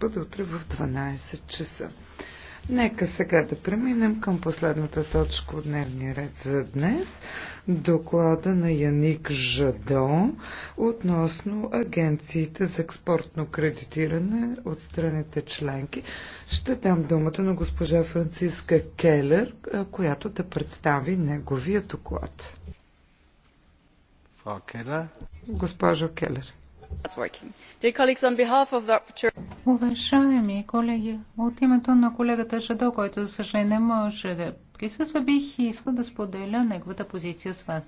бъде утре в 12 часа. Нека сега да преминем към последната точка от дневния ред за днес. Доклада на Яник Жадо относно агенциите за експортно кредитиране от страните членки. Ще дам думата на госпожа Франциска Келер, която да представи неговия доклад. Факела. Госпожо Келер. Уважаеми колеги, от името на колегата Жадо, който за съжаление не може да присъства, бих искал да споделя неговата позиция с вас.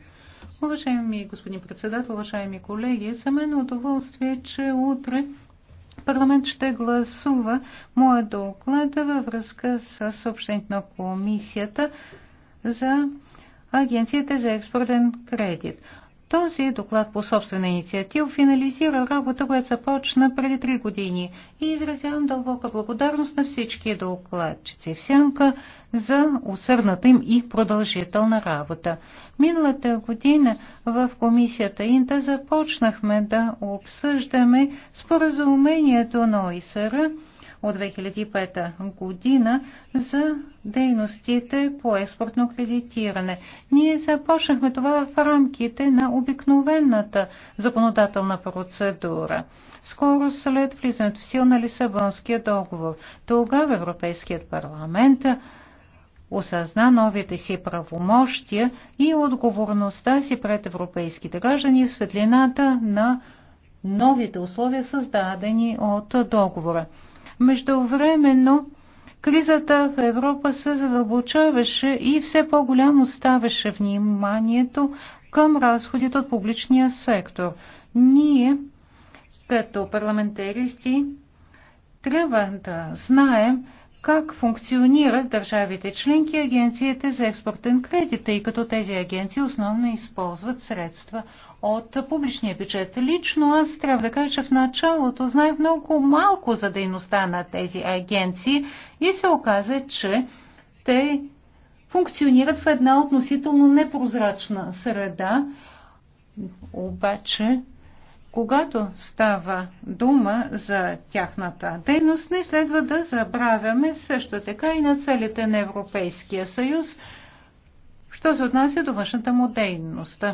Уважаеми господин председател, уважаеми колеги, за мен е удоволствие, че утре парламент ще гласува моя доклад във връзка с съобщението на комисията за Агенцията за експортен кредит. Този доклад по собствена инициатива финализира работа, която започна преди три години и изразявам дълбока благодарност на всички докладчици в Сянка за усърната им и продължителна работа. Миналата година в комисията Инта започнахме да обсъждаме споразумението на ОИСР от 2005 година за дейностите по експортно кредитиране. Ние започнахме това в рамките на обикновената законодателна процедура. Скоро след влизането в сил на Лисабонския договор, тогава Европейският парламент осъзна новите си правомощия и отговорността си пред европейските граждани в светлината на новите условия, създадени от договора. Междувременно кризата в Европа се задълбочаваше и все по-голямо ставаше вниманието към разходите от публичния сектор. Ние, като парламентаристи, трябва да знаем как функционират държавите членки и агенциите за експортен кредит, тъй като тези агенции основно използват средства от публичния бюджет. Лично аз трябва да кажа, че в началото знаех много малко за дейността на тези агенции и се оказа, че те функционират в една относително непрозрачна среда. Обаче, когато става дума за тяхната дейност, не следва да забравяме също така и на целите на Европейския съюз, що се отнася до външната му дейност.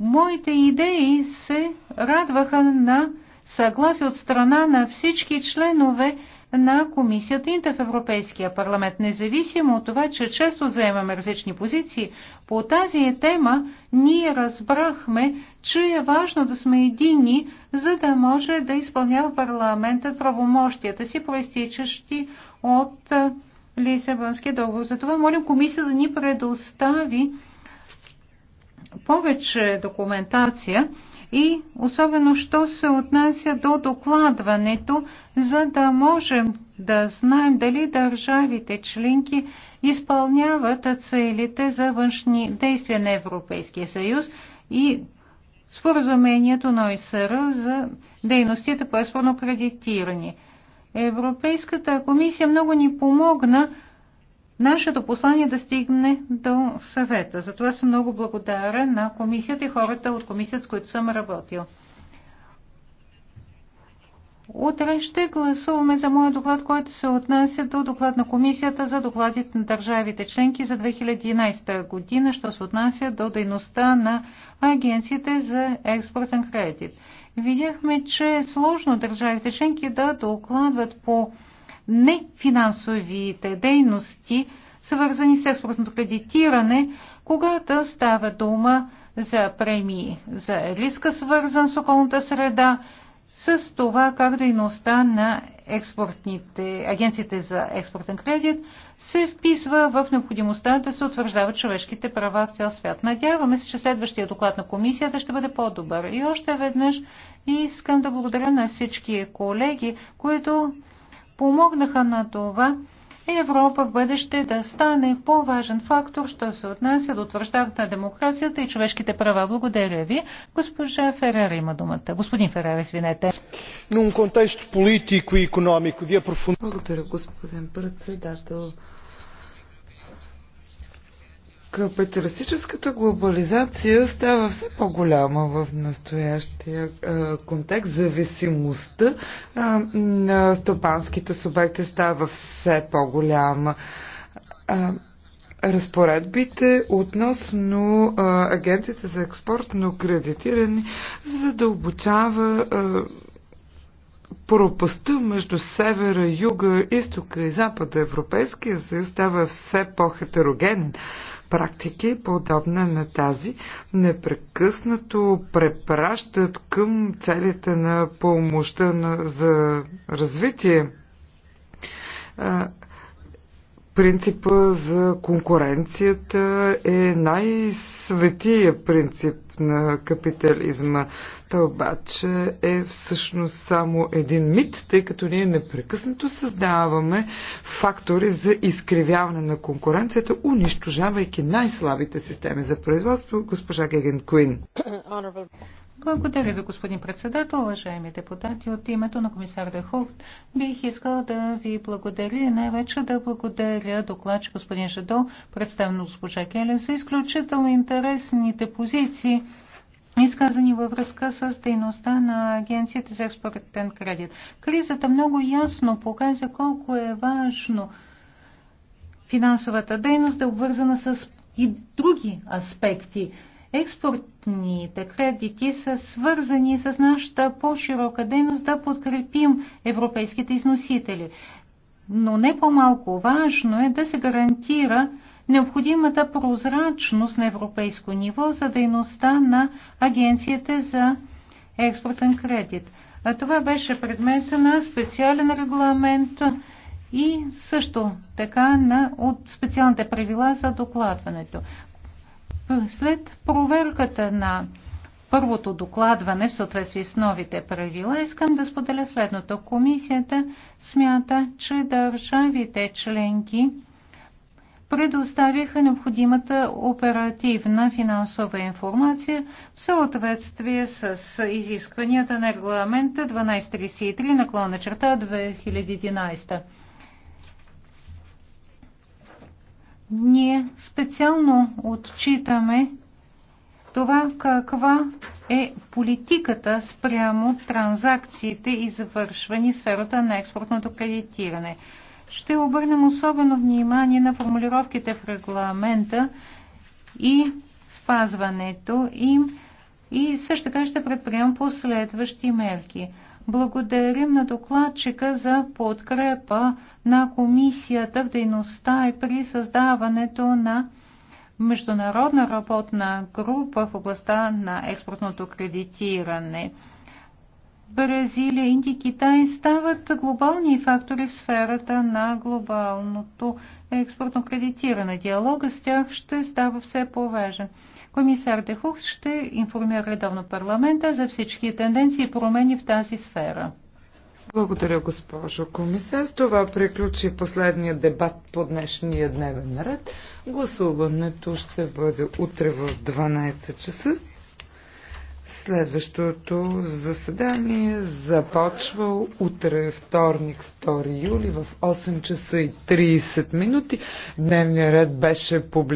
Моите идеи се радваха на съгласие от страна на всички членове на комисията Инта в Европейския парламент. Независимо от това, че често заемаме различни позиции, по тази тема ние разбрахме, че е важно да сме едини, за да може да изпълнява парламента правомощията си, проистичащи от Лисабонския договор. Затова молим комисията да ни предостави повече документация и особено, що се отнася до докладването, за да можем да знаем дали държавите членки изпълняват целите за външни действия на Европейския съюз и споразумението на ОСР за дейностите по експортно кредитиране. Европейската комисия много ни помогна нашето послание е да стигне до съвета. Затова съм много благодарен на комисията и хората от комисията, с които съм работил. Утре ще гласуваме за моя доклад, който се отнася до доклад на комисията за докладите на държавите членки за 2011 година, що се отнася до дейността на агенциите за експортен кредит. Видяхме, че е сложно държавите членки да докладват по не финансовите дейности, свързани с експортното кредитиране, когато става дума за премии, за риска свързан с околната среда, с това как дейността на експортните, агенциите за експортен кредит се вписва в необходимостта да се утвърждават човешките права в цял свят. Надяваме се, че следващия доклад на комисията ще бъде по-добър. И още веднъж искам да благодаря на всички колеги, които помогнаха на това Европа в бъдеще да стане по-важен фактор, що се отнася до утвърждаването на демокрацията и човешките права. Благодаря ви. Госпожа Ферера има думата. Господин Ферера, извинете. Благодаря, господин председател. Капиталистическата глобализация става все по-голяма в настоящия контекст. Зависимостта на стопанските субекти става все по-голяма. Разпоредбите относно а, агенцията за експортно кредитиране задълбочава да между севера, юга, изтока и запада. Европейския съюз става все по-хетерогенен практики, подобна на тази, непрекъснато препращат към целите на помощта на, за развитие принципа за конкуренцията е най-светия принцип на капитализма. Той обаче е всъщност само един мит, тъй като ние непрекъснато създаваме фактори за изкривяване на конкуренцията, унищожавайки най-слабите системи за производство. Госпожа Геген Куин. Благодаря ви, господин председател, уважаеми депутати. От името на комисар Дехов бих искал да ви благодаря и най-вече да благодаря докладчик господин Жадо, представен от госпожа Келен, за изключително интересните позиции, изказани във връзка с дейността на Агенцията за експортен кредит. Кризата много ясно показва колко е важно финансовата дейност да е обвързана с и други аспекти Експортните кредити са свързани с нашата по-широка дейност да подкрепим европейските износители. Но не по-малко важно е да се гарантира необходимата прозрачност на европейско ниво за дейността на агенцията за експортен кредит. А това беше предмет на специален регламент и също така на, от специалните правила за докладването. След проверката на първото докладване в съответствие с новите правила, искам да споделя следното. Комисията смята, че държавите членки предоставиха необходимата оперативна финансова информация в съответствие с изискванията на регламента 1233 наклона черта 2011. Ние специално отчитаме това каква е политиката спрямо транзакциите, извършвани в сферата на експортното кредитиране. Ще обърнем особено внимание на формулировките в регламента и спазването им и също така ще предприемам последващи мерки. Благодарим на докладчика за подкрепа на комисията в дейността и при създаването на международна работна група в областта на експортното кредитиране. Бразилия, Индия и Китай стават глобални фактори в сферата на глобалното експортно кредитиране. Диалога с тях ще става все по-важен. Комисар Дехух ще информира редовно парламента за всички тенденции и промени в тази сфера. Благодаря, госпожо комисар. С това приключи последния дебат по днешния дневен ред. Гласуването ще бъде утре в 12 часа. Следващото заседание започва утре, вторник, 2 юли в 8 часа и 30 минути. Дневният ред беше публикуван.